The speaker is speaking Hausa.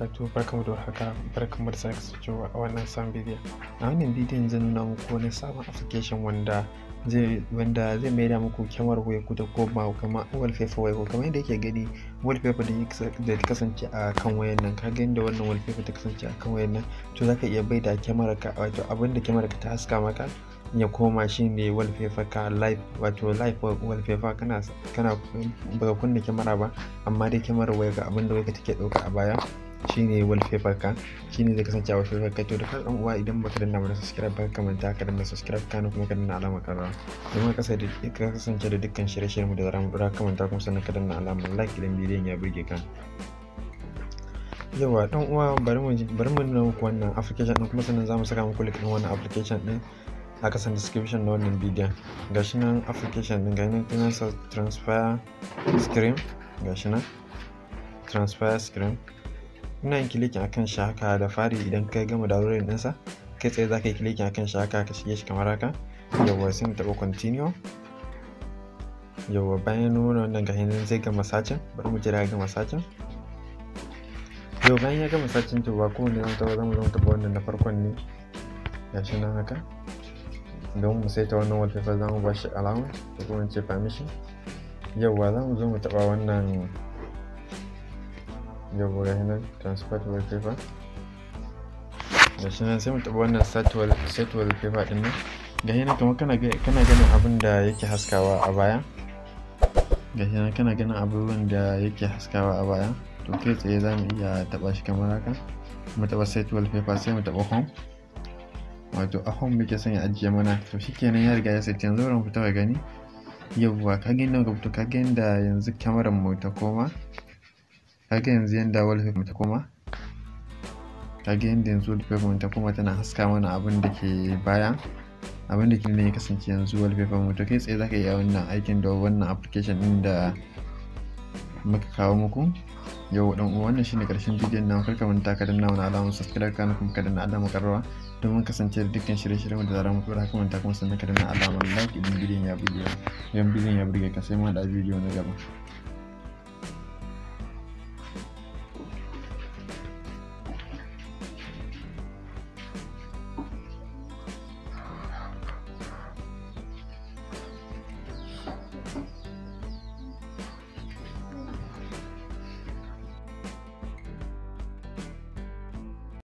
wabarakatuh barkamu da warhaka barkamu da sake kasancewa a wannan sam bidiyo a wannan bidiyon zan nuna muku wani sabon application wanda zai wanda zai maida muku kyamar waya ku da koma kamar wallpaper waya ko kamar yadda yake gani wallpaper da ta kasance a kan wayan nan ka gani da wannan wallpaper ta kasance a kan wayan nan to zaka iya baida kyamar ka wato abinda kyamar ka ta haska maka ya koma shi ne wallpaper ka live wato live wallpaper kana kana baka kunna kyamara ba amma dai kyamar waya ga abinda waya take dauka a baya shine wallpaper ka shine zai kasance a fefar ka to da kan uwa idan baka danna mana subscribe ba ka manta ka danna subscribe kana kuma ka danna alamar ka domin ka ka kasance da dukkan shirye-shiryen mu da zaran mu ka manta kuma sannan ka danna alamar like idan bidiyon ya burge ka yawa dan uwa bari mu bari mu nuna muku wannan application din kuma sannan zamu saka muku link din wannan application din a kasan description na wannan bidiyon gashi nan application din ga nan tunansa transfer screen gashi nan transfer screen ina yin kilikin akan shi haka da fari idan ka gama dalolin ɗinsa kai tsaye za ka yi kilikin akan shi haka ka shige shi kamar haka yawwa sai mu taɓa continue yawwa bayan nuna wannan ga hannun zai gama sacin bari mu jira ya gama sacin yau bayan ya gama sacin to ba kowane zan taɓa zamu zama taɓa wannan na farkon ne gashi nan haka don mu saita wannan wallpaper za mu ba shi allowance ko kuma ce permission yawwa za mu zo mu taɓa wannan yau ga nan transport wallpaper da shi nan sai mu taɓa wannan set wallpaper ɗin nan ga nan kuma kana ganin abin da yake haskawa a baya ga nan kana ganin abubuwan da yake haskawa a baya to kai tsaye za mu iya taɓa shi kamar haka mu taɓa set wallpaper sai mu taɓa home wato a home muke son ya ajiye mana to shi kenan ya riga ya sai canza wurin mu fita gani yawwa ka gani inda muka ka ga inda yanzu kamarar mu ta koma kaga yanzu yadda wallpaper ta koma kaga yadda yanzu wallpaper ta koma tana haska mana abin da ke baya abin da ke ne ya kasance yanzu wallpaper mu to kai tsaye zaka iya wannan aikin da wannan application din da muka kawo muku yau dan uwa wannan shine karshen bidiyon nan karka manta ka danna wani alamun subscribe kana kuma ka danna alamun karrawa domin kasance da dukkan shirye-shiryen da zaran mutu haka manta kuma sannan ka danna alamun like idan bidiyon ya burge bidiyon ya ka sai mu da bidiyo na gaba